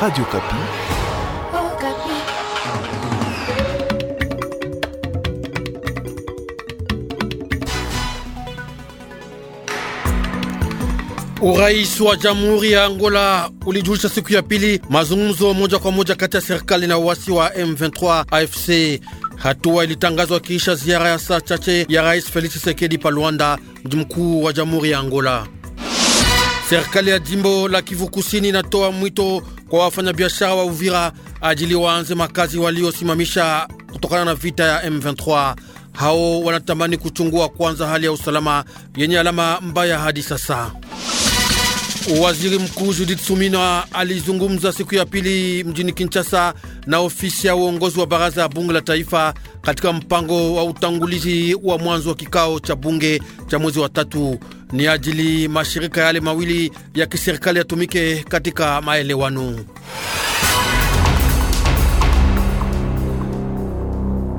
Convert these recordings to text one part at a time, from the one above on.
Radio Kapi. Oh, Kapi. Urais wa Jamhuri ya Angola ulijulisha siku ya pili mazungumzo moja kwa moja kati ya serikali na uasi wa M23 AFC. Hatua ilitangazwa kisha ziara ya saa chache ya Rais Felix Tshisekedi pa Luanda, mji mkuu wa Jamhuri ya Angola. Serikali ya jimbo la Kivu Kusini inatoa mwito kwa wafanyabiashara wa Uvira ajili waanze makazi waliosimamisha kutokana na vita ya M23. Hao wanatamani kuchungua kwanza hali ya usalama yenye alama mbaya hadi sasa. Waziri Mkuu Judith Suminwa alizungumza siku ya pili mjini Kinshasa na ofisi ya uongozi wa baraza ya bunge la taifa katika mpango wa utangulizi wa mwanzo wa kikao cha bunge cha mwezi wa tatu ni ajili mashirika yale mawili ya kiserikali yatumike katika maelewano.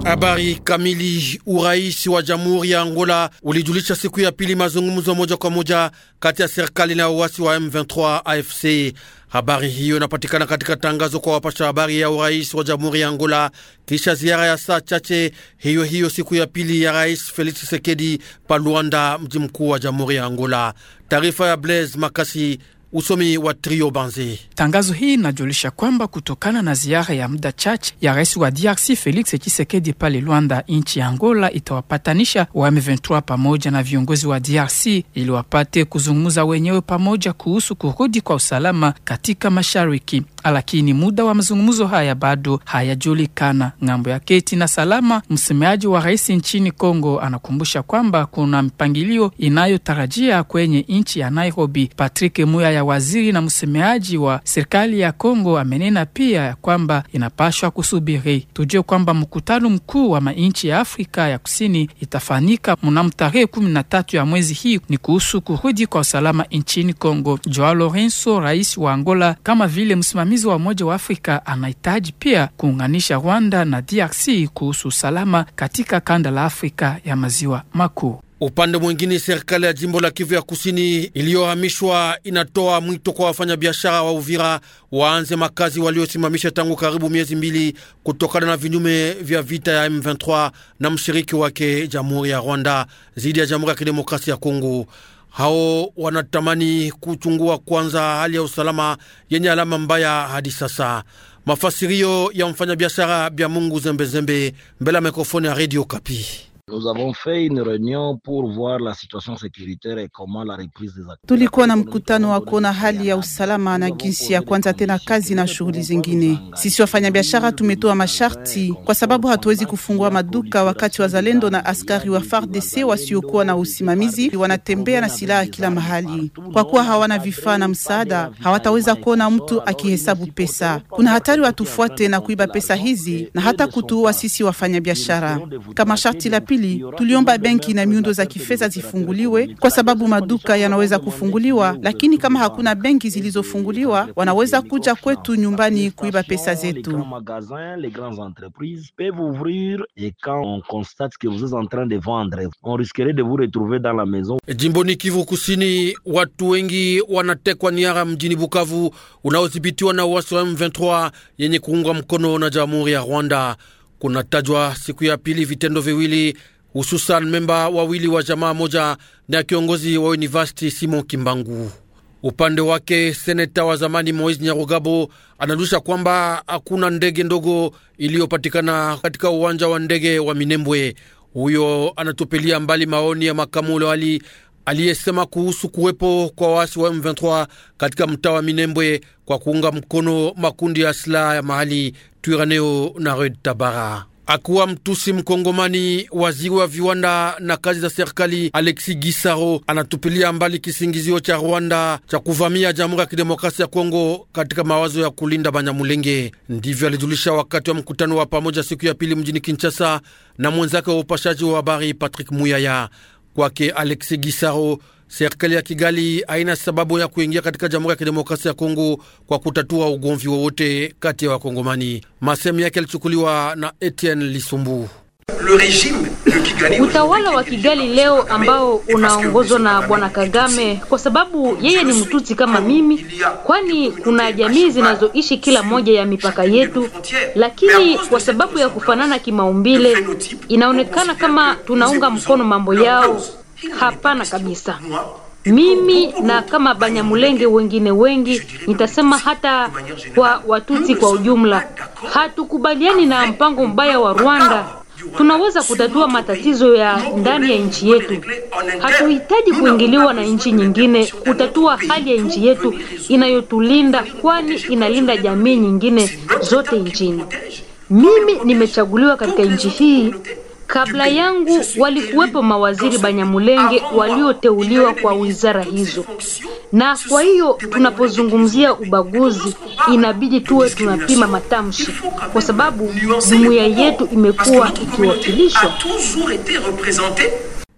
Habari kamili. Urais wa Jamhuri ya Angola ulijulisha siku ya pili mazungumzo moja kwa moja kati ya serikali na uasi wa M23 AFC. Habari hiyo inapatikana katika tangazo kwa wapasha habari ya urais wa Jamhuri ya Angola kisha ziara ya saa chache hiyo hiyo siku ya pili ya Rais Felix Tshisekedi pa Luanda, mji mkuu wa Jamhuri ya Angola. Taarifa ya Blaise Makasi Usomi wa Trio Banzi. Tangazo hii inajulisha kwamba kutokana na ziara ya muda chache ya rais wa DRC Felix Tshisekedi pale Luanda, nchi ya Angola itawapatanisha wa M23 pamoja na viongozi wa DRC ili wapate kuzungumza wenyewe pamoja kuhusu kurudi kwa usalama katika mashariki lakini muda wa mazungumzo haya bado hayajulikana. Ng'ambo ya keti na salama, msemaji wa rais nchini Kongo anakumbusha kwamba kuna mpangilio inayotarajia kwenye nchi ya Nairobi. Patrick ya waziri na msemaji wa serikali ya Kongo, amenena pia kwamba inapashwa kusubiri. Tujue kwamba mkutano mkuu wa manchi ya Afrika ya Kusini itafanyika mnamo tarehe kumi na tatu ya mwezi hii, ni kuhusu kurudi kwa usalama nchini Kongo. Joao Lorenso, rais wa Angola, kama vile msimamizi msimamizi wa Umoja wa Afrika anahitaji pia kuunganisha Rwanda na DRC kuhusu usalama katika kanda la Afrika ya maziwa makuu. Upande mwingine, serikali ya jimbo la Kivu ya kusini iliyohamishwa inatoa mwito kwa wafanyabiashara wa Uvira waanze makazi waliosimamisha tangu karibu miezi mbili kutokana na vinyume vya vita ya M23 na mshiriki wake Jamhuri ya Rwanda dhidi ya Jamhuri ya Kidemokrasia ya Kongo hao wanatamani kuchungua kwanza hali ya usalama yenye alama mbaya hadi sasa. Mafasirio ya mfanyabiashara Bya Mungu Zembezembe mbele ya mikrofoni ya Radio Kapi. Nous avons fait une réunion pour voir la situation sécuritaire et comment la reprise des activités. Tulikuwa na mkutano wa kuona hali ya usalama na jinsi ya kuanza tena kazi na shughuli zingine. Sisi wafanyabiashara tumetoa masharti kwa sababu hatuwezi kufungua maduka wakati wazalendo na askari wa FARDC wasiokuwa na usimamizi wanatembea na silaha kila mahali. Kwa kuwa hawana vifaa na msaada, hawataweza kuona mtu akihesabu pesa. Kuna hatari watufuate na kuiba pesa hizi na hata kutuua sisi wafanyabiashara. Kama sharti la pili hili tuliomba benki na miundo za kifedha zifunguliwe, kwa sababu maduka yanaweza kufunguliwa, lakini kama hakuna benki zilizofunguliwa, wanaweza kuja kwetu nyumbani kuiba pesa zetu. E, Jimboni Kivu Kusini, watu wengi wanatekwa niara mjini Bukavu unaodhibitiwa na uasi wa M23 yenye kuungwa mkono na Jamhuri ya Rwanda kunatajwa siku ya pili vitendo viwili, hususan memba wawili wa jamaa moja na kiongozi wa university Simon Kimbangu. Upande wake seneta wa zamani Moise Nyarugabo anadusha kwamba hakuna ndege ndogo iliyopatikana katika uwanja wa ndege wa Minembwe. Huyo anatupilia mbali maoni ya makamu lewali aliyesema kuhusu kuwepo kwa waasi wa M23 katika mtaa wa Minembwe kwa kuunga mkono makundi ya silaha ya mahali Twiraneo na Red Tabara. akiwa mtusi mkongomani, waziri wa viwanda na kazi za serikali Alexi Gisaro anatupilia mbali kisingizio cha Rwanda cha kuvamia Jamhuri ya Kidemokrasia ya Kongo katika mawazo ya kulinda Banyamulenge. Ndivyo alijulisha wakati wa mkutano wa pamoja siku ya pili mjini Kinshasa na mwenzake wa upashaji wa habari Patrick Muyaya. Kwake Alexi Gisaro, serikali ya Kigali haina sababu ya kuingia katika Jamhuri ya Kidemokrasia ya Kongo kwa kutatua ugomvi wowote kati ya Wakongomani. Masemi yake yalichukuliwa na Etienne Lisumbu. Utawala wa Kigali leo ambao unaongozwa na Bwana Kagame, kwa sababu yeye ni mtuti kama mimi, kwani kuna jamii zinazoishi kila moja ya mipaka yetu, lakini kwa sababu ya kufanana kimaumbile inaonekana kama tunaunga mkono mambo yao. Hapana kabisa. Mimi na kama Banyamulenge wengine wengi nitasema hata kwa Watutsi kwa ujumla, hatukubaliani na mpango mbaya wa Rwanda Tunaweza kutatua matatizo ya ndani ya nchi yetu. Hatuhitaji kuingiliwa na nchi nyingine kutatua hali ya nchi yetu inayotulinda, kwani inalinda jamii nyingine zote nchini. Mimi nimechaguliwa katika nchi hii Kabla yangu walikuwepo mawaziri Banyamulenge walioteuliwa kwa wizara hizo, na kwa hiyo tunapozungumzia ubaguzi inabidi tuwe tunapima matamshi, kwa sababu jumuiya yetu imekuwa ikiwakilishwa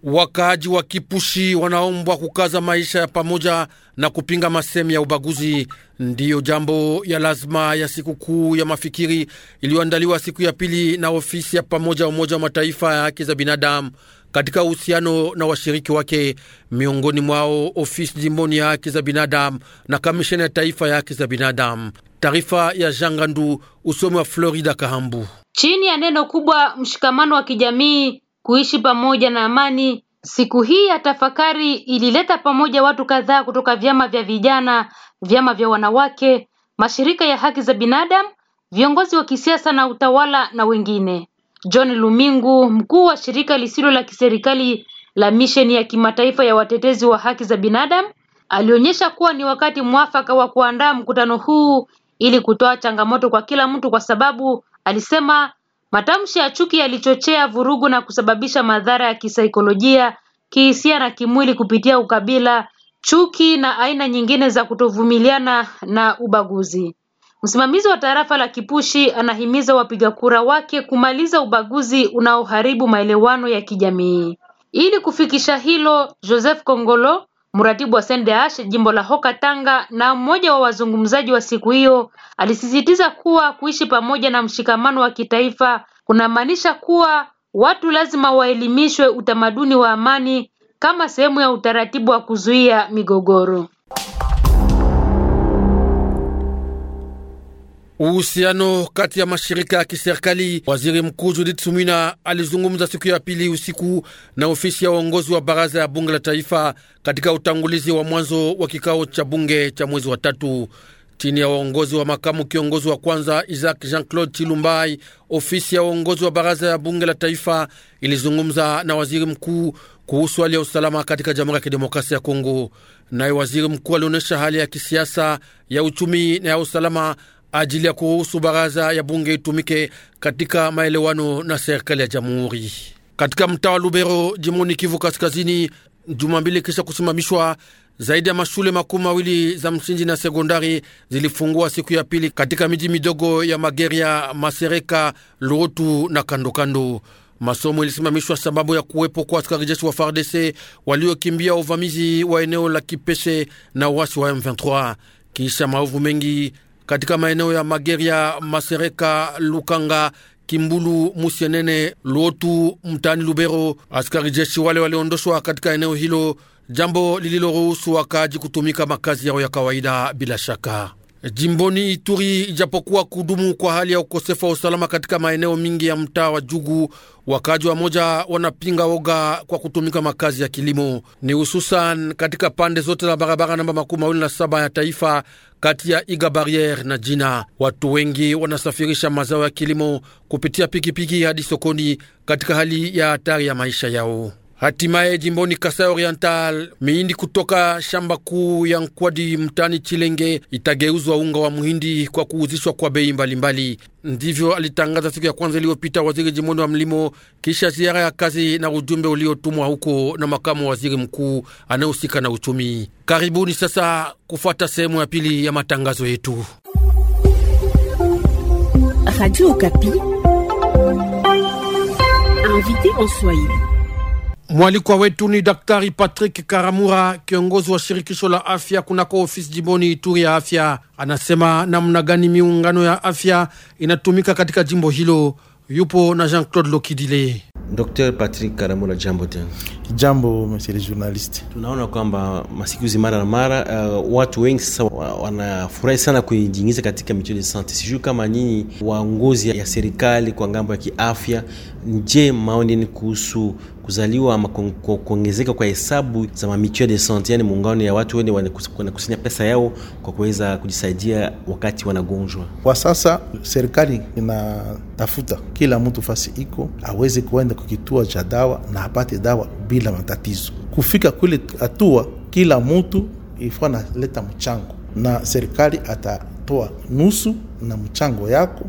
Wakaaji wa Kipushi wanaombwa kukaza maisha ya pamoja na kupinga masemi ya ubaguzi. Ndiyo jambo ya lazima ya sikukuu ya mafikiri iliyoandaliwa siku ya pili na ofisi ya pamoja Umoja wa Mataifa ya haki za binadamu katika uhusiano na washiriki wake, miongoni mwao ofisi jimboni ya haki za binadamu na kamisheni ya taifa ya haki za binadamu. Taarifa ya Jangandu, usomi wa Florida Kahambu. Chini ya neno kubwa mshikamano wa kijamii, kuishi pamoja na amani. Siku hii ya tafakari ilileta pamoja watu kadhaa kutoka vyama vya vijana, vyama vya wanawake, mashirika ya haki za binadamu, viongozi wa kisiasa na utawala na wengine. John Lumingu, mkuu wa shirika lisilo la kiserikali la misheni ya kimataifa ya watetezi wa haki za binadamu, alionyesha kuwa ni wakati mwafaka wa kuandaa mkutano huu ili kutoa changamoto kwa kila mtu, kwa sababu alisema Matamshi ya chuki yalichochea vurugu na kusababisha madhara ya kisaikolojia, kihisia na kimwili kupitia ukabila, chuki na aina nyingine za kutovumiliana na ubaguzi. Msimamizi wa tarafa la Kipushi anahimiza wapiga kura wake kumaliza ubaguzi unaoharibu maelewano ya kijamii. Ili kufikisha hilo, Joseph Kongolo Mratibu wa SENDEASH jimbo la Hoka Tanga na mmoja wa wazungumzaji wa siku hiyo alisisitiza kuwa kuishi pamoja na mshikamano wa kitaifa kunamaanisha kuwa watu lazima waelimishwe utamaduni wa amani kama sehemu ya utaratibu wa kuzuia migogoro. uhusiano kati ya mashirika ya kiserikali. Waziri Mkuu Judith sumina alizungumza siku ya pili usiku na ofisi ya uongozi wa baraza ya bunge la taifa katika utangulizi wa mwanzo wa kikao cha bunge cha mwezi wa tatu chini ya uongozi wa makamu kiongozi wa kwanza Isaac Jean-Claude Chilumbai, ofisi ya uongozi wa baraza ya bunge la taifa ilizungumza na waziri mkuu kuhusu hali ya usalama katika Jamhuri ya Kidemokrasia ya Kongo. Naye waziri mkuu alionyesha hali ya kisiasa, ya uchumi na ya usalama ajili ya kuruhusu baraza ya bunge itumike katika maelewano na serikali ya jamhuri. Katika mtaa wa Lubero, jimoni Kivu Kaskazini, juma mbili kisha kusimamishwa zaidi ya mashule makumi mawili za msingi na sekondari zilifungua siku ya pili katika miji midogo ya Mageria, Masereka, Lurutu na kandokando. Masomo ilisimamishwa sababu ya kuwepo kwa askari jeshi wa FARDC waliokimbia uvamizi wa eneo la Kipeshe na uasi wa M23 kisha maovu mengi katika maeneo ya Mageria, Masereka, Lukanga, Kimbulu, Musienene, Luotu mtaani Lubero. Askari jeshi wale waliondoshwa katika eneo hilo, jambo lililoruhusu wakaaji kutumika makazi yao ya kawaida bila shaka. Jimboni Ituri, ijapokuwa kudumu kwa hali ya ukosefu wa usalama katika maeneo mingi ya mtaa wa Jugu, wakaaji wa moja wanapinga woga kwa kutumika makazi ya kilimo, ni hususan katika pande zote za barabara namba makumi mawili na saba ya taifa kati ya Iga Barriere na Jina. Watu wengi wanasafirisha mazao ya kilimo kupitia pikipiki hadi sokoni katika hali ya hatari ya maisha yao. Hatimaye jimboni Kasai Oriental, mihindi kutoka shamba kuu ya Nkwadi mtani Chilenge itageuzwa unga wa muhindi kwa kuuzishwa kwa bei mbalimbali. Ndivyo alitangaza siku ya kwanza iliyopita waziri jimboni wa mlimo, kisha ziara ya kazi na ujumbe uliotumwa huko na makamu waziri mkuu anayehusika na uchumi. Karibuni sasa kufuata sehemu ya pili ya matangazo yetu. Radio Okapi, invité en Swahili. Mwalikwa wetu ni Daktari Patrick Karamura, kiongozi wa shirikisho la afya kunako ofisi jimboni Ituri ya afya. Anasema namna gani miungano ya afya inatumika katika jimbo hilo. Yupo na Jean-Claude Lokidile. Dr. Patrick Karamura, jambo tena. Jambo monsieur le journaliste. Tunaona kwamba masiku mara na mara uh, watu wengi sasa wanafurahi sana kujiingiza katika michezo ya sante. Sijui kama nyinyi waongozi ya serikali kwa ngambo ya kiafya, nje maoni ni kuhusu kuzaliwa ama kuongezeka kwa hesabu za mamichio de sante, yani muungano ya watu wene wanakusanya pesa yao kwa kuweza kujisaidia wakati wanagonjwa. Kwa sasa serikali inatafuta kila mtu fasi iko aweze kuenda kwa kituo cha dawa na apate dawa bila matatizo. Kufika kule hatua, kila mtu ifo analeta mchango na serikali atatoa nusu na mchango yako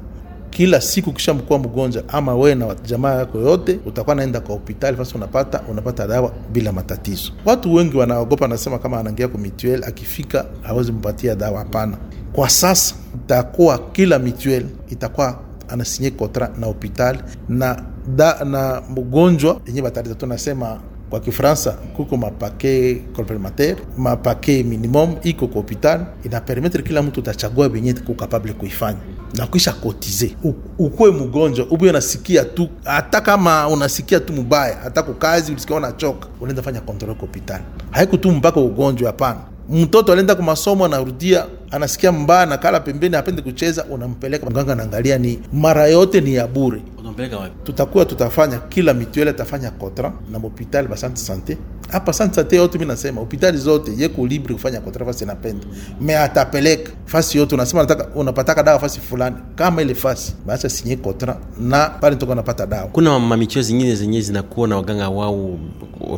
kila siku kisha mkuwa mgonjwa ama we na jamaa yako yote, utakuwa naenda kwa hospitali fasi, unapata unapata dawa bila matatizo. Watu wengi wanaogopa, nasema kama anaingia kwa mituel, akifika hawezi mpatia dawa. Hapana, kwa sasa itakuwa kila mituel itakuwa anasinye kontra na hospitali na, na mgonjwa yenye bataliza tunasema kwa Kifaransa kuko mapake complementaire, mapake minimum iko kwa hopital, inapermetre kila mtu utachagua benye kukapable kuifanya na kuisha kotize. Ukuwe mgonjwa ubuye, unasikia tu, hata kama unasikia tu mubaya, hata kukazi ulisikia unachoka, unaenda fanya kontrole kwa hopital, haikutu mpaka ugonjwa. Hapana, mtoto alienda kwa masomo anarudia anasikia mbaya, na kala pembeni, apende kucheza, unampeleka mganga, anaangalia ni mara yote ni ya bure. Tutakuwa tutafanya kila mituele tafanya kotra na hospitali ba sante sante hapa sante sante yote, mi nasema hospitali zote yeko libre kufanya kotra fasi napenda me atapeleka fasi yote, unasema nataka unapataka dawa fasi fulani, kama ile fasi basi sinye kotra na pale nitoka unapata dawa. Kuna mamichio zingine zenye zinakuwa na waganga wao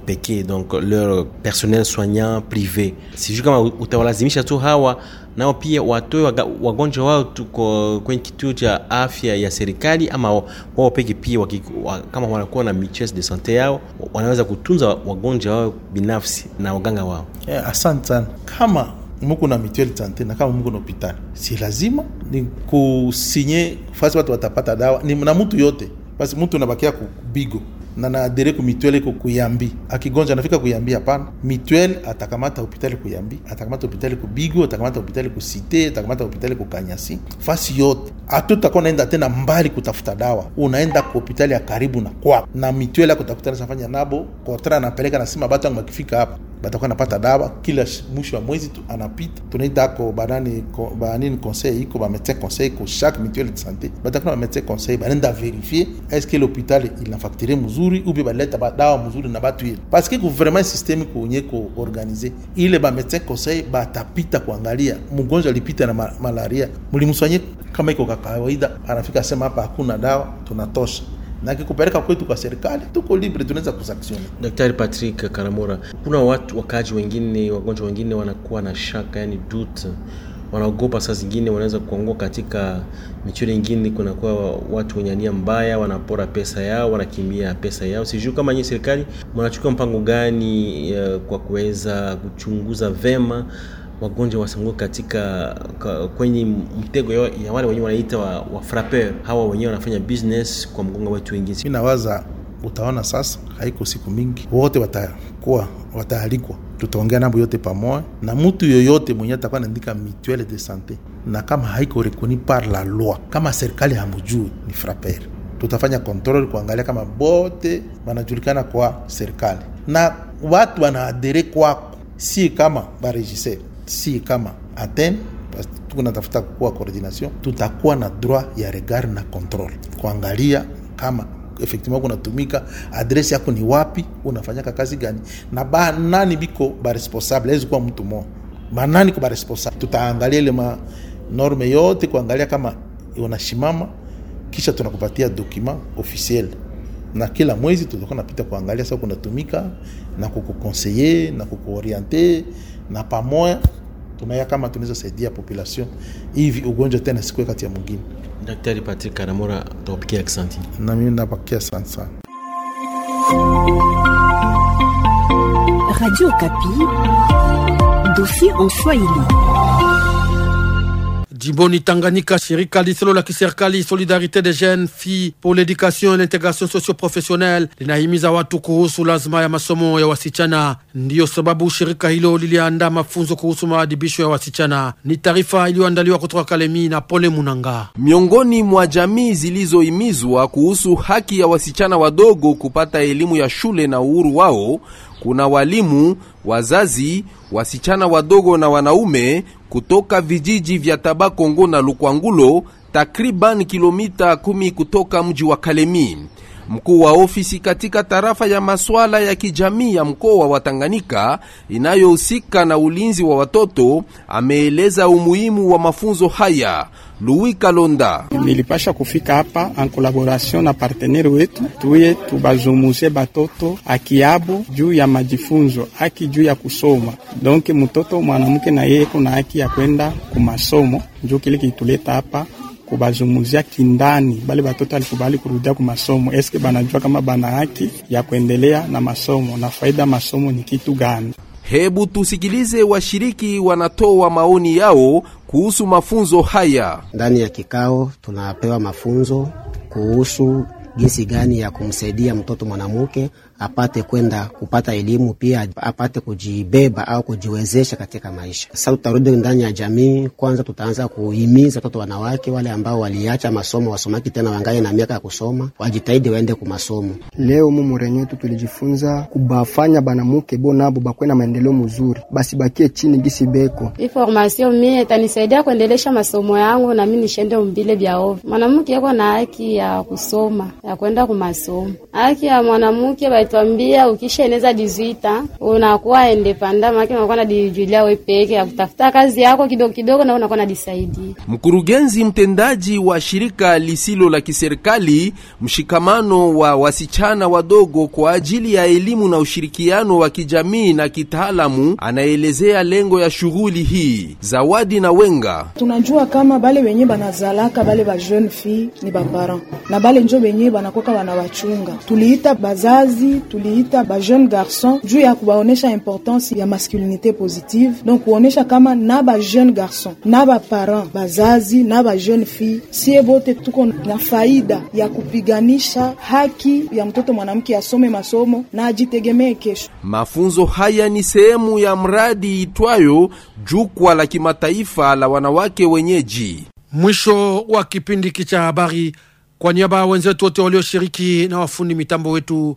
pekee, donc leur personnel soignant privé, sijui kama utawalazimisha tu hawa nao pia watoe wagonjwa wao tuko kwenye kituo cha afya ya serikali ama wao peke pia wakiku, kama wanakuwa na miches de sante yao wanaweza kutunza wagonjwa wao binafsi na waganga wao yeah, asante sana kama muko na mutuelle sante na kama muko na hopitali si lazima ni kusinye fasi watu watapata dawa ni na mutu yote basi mutu unabakia kubigo na na ku mituele ko kuyambi akigonja anafika kuyambi hapana mituele atakamata hopitali kuyambi atakamata hopitali ku Bigo atakamata hopitali kusite Cité atakamata hopitali ku Kanyasi fasi yote atutako naenda tena mbali kutafuta dawa unaenda ku hopitali ya karibu na kwako na mutuelle yako utakutana nafanya nabo kotra anapeleka nasema batu yangu bakifika hapa batakuwa napata dawa kila mwisho wa mwezi tu, anapita tunaita ako banani ko, banini conseil iko ba médecin conseil ko chaque mutuelle de santé batakuwa ba médecin conseil banenda vérifier est-ce que l'hôpital ina facturer mzuri ubi baleta ba dawa mzuri na batu ile parce que vraiment système ko unye ko organiser ile ba médecin conseil batapita kuangalia mgonjwa alipita na ma, malaria mlimswanye kama iko kawaida, anafika sema hapa hakuna dawa tunatosha na kikupeleka kwetu kwa serikali, tuko libre, tunaweza kusaksiona. Daktari Patrick Karamora, kuna watu wakaji wengine wagonjwa wengine wanakuwa na shaka, yani dute wanaogopa saa zingine wanaweza kuangua katika michele ingine. Kunakuwa watu wenye nia mbaya, wanapora pesa yao, wanakimbia pesa yao. Sijui kama nyinyi serikali mnachukua mpango gani uh, kwa kuweza kuchunguza vema wagonjwa wasangu katika kwenye mtego ya wale wenyewe wanaita wa, wa frapper hawa wenyewe wanafanya business kwa mgongo wetu wengine. Mimi nawaza utaona sasa, haiko siku mingi, wote watakuwa wataalikwa, tutaongea nabo yote pamoja, na mtu yoyote mwenye atakuwa anaandika mutuelle de sante, na kama haiko rekoni par la loi, kama serikali hamujui ni frapper, tutafanya control kuangalia kama bote wanajulikana kwa serikali na watu wanaadere kwako, si kama baregisere si kama Athene tunatafuta kukuwa coordination, tutakuwa na droit ya regard na control, kuangalia kama effectivement kunatumika adresi yako ni wapi, unafanyaka kazi gani na ba nani biko ba responsable. Haizi kuwa mtu mmoja ba nani ko ba responsable. Tutaangalia ile ma norme yote kuangalia kama unashimama, kisha tunakupatia document officiel na kila mwezi tutakuwa napita kuangalia sasa kunatumika na kukukonseiller na kukuorienter na pamoya tunaya kama tunaweza saidia population hivi ugonjwa tena siku kati ya mwingine. Daktari Patrick Karamora, tukupikia asante. Na mimi napakia asante sana. Radio Kapi, dossier en Swahili. Jimboni Tanganyika, shirika lisilo la kiserikali Solidarite des Jeunes Filles pour l'Education et l'Integration Socioprofessionnelle linahimiza watu kuhusu lazima ya masomo ya wasichana. Ndiyo sababu shirika hilo liliandaa mafunzo kuhusu maadibisho ya wasichana. Ni taarifa iliyoandaliwa kutoka Kalemi na Pole Munanga. Miongoni mwa jamii zilizohimizwa kuhusu haki ya wasichana wadogo kupata elimu ya shule na uhuru wao kuna walimu, wazazi, wasichana wadogo na wanaume kutoka vijiji vya Tabakongo na Lukwangulo, takriban kilomita kumi kutoka mji wa Kalemi. Mkuu wa ofisi katika tarafa ya masuala ya kijamii ya mkoa wa Tanganyika inayohusika na ulinzi wa watoto ameeleza umuhimu wa mafunzo haya. Louis Kalonda. Nilipasha kufika hapa en collaboration na partenaire wetu, tuye tubazumuze batoto akiabu juu ya majifunzo aki juu ya kusoma. Donc mtoto mwanamke na yeye kuna haki ya kwenda kumasomo, njo kile kituleta hapa kubazumuzia kindani bale batoto alikubali kurudia ku masomo, eske banajua kama bana haki ya kuendelea na masomo na faida masomo ni kitu gani? Hebu tusikilize washiriki wanatoa maoni yao kuhusu mafunzo haya. Ndani ya kikao tunapewa mafunzo kuhusu jinsi gani ya kumsaidia mtoto mwanamke apate kwenda kupata elimu, pia apate kujibeba au kujiwezesha katika maisha. Sasa tutarudi ndani ya jamii. Kwanza tutaanza kuhimiza watoto wanawake wale ambao waliacha masomo wasomaki tena, wangae na miaka ya kusoma, wajitahidi waende kumasomo. Leo mumurenye wetu tulijifunza kubafanya banamuke bo nabo bakwe na maendeleo mzuri, basi bakie chini gisi beko informasio Mie tanisaidia kuendelesha masomo yangu, mi nishende umbile vya ovu. Mwanamke yeko na haki ya kusoma ya kwenda kumasomo, haki ya mwanamke walituambia ukishaeneza dizuita unakuwa endepanda make unakuwa najijulia we peke ya kutafuta kazi yako kidogo kidogo, na unakuwa najisaidia. Mkurugenzi mtendaji wa shirika lisilo la kiserikali mshikamano wa wasichana wadogo kwa ajili ya elimu na ushirikiano wa kijamii na kitaalamu, anaelezea lengo ya shughuli hii. Zawadi na Wenga: tunajua kama bale wenye banazalaka bale ba jeune fille ni baparent na bale njo benye banakoka wanawachunga, tuliita bazazi tuliita ba jeune garçon juu ya kuwaonesha importance ya masculinité positive, donc kuonesha kama na ba jeune garçon na ba parent bazazi na ba jeune fille, sie bote tuko na faida ya kupiganisha haki ya mtoto mwanamke asome masomo na ajitegemee kesho. Mafunzo haya ni sehemu ya mradi itwayo jukwa la Kimataifa la Wanawake Wenyeji. Mwisho wa kipindi hiki cha habari, kwa niaba ya wenzetu wote walioshiriki na wafundi mitambo wetu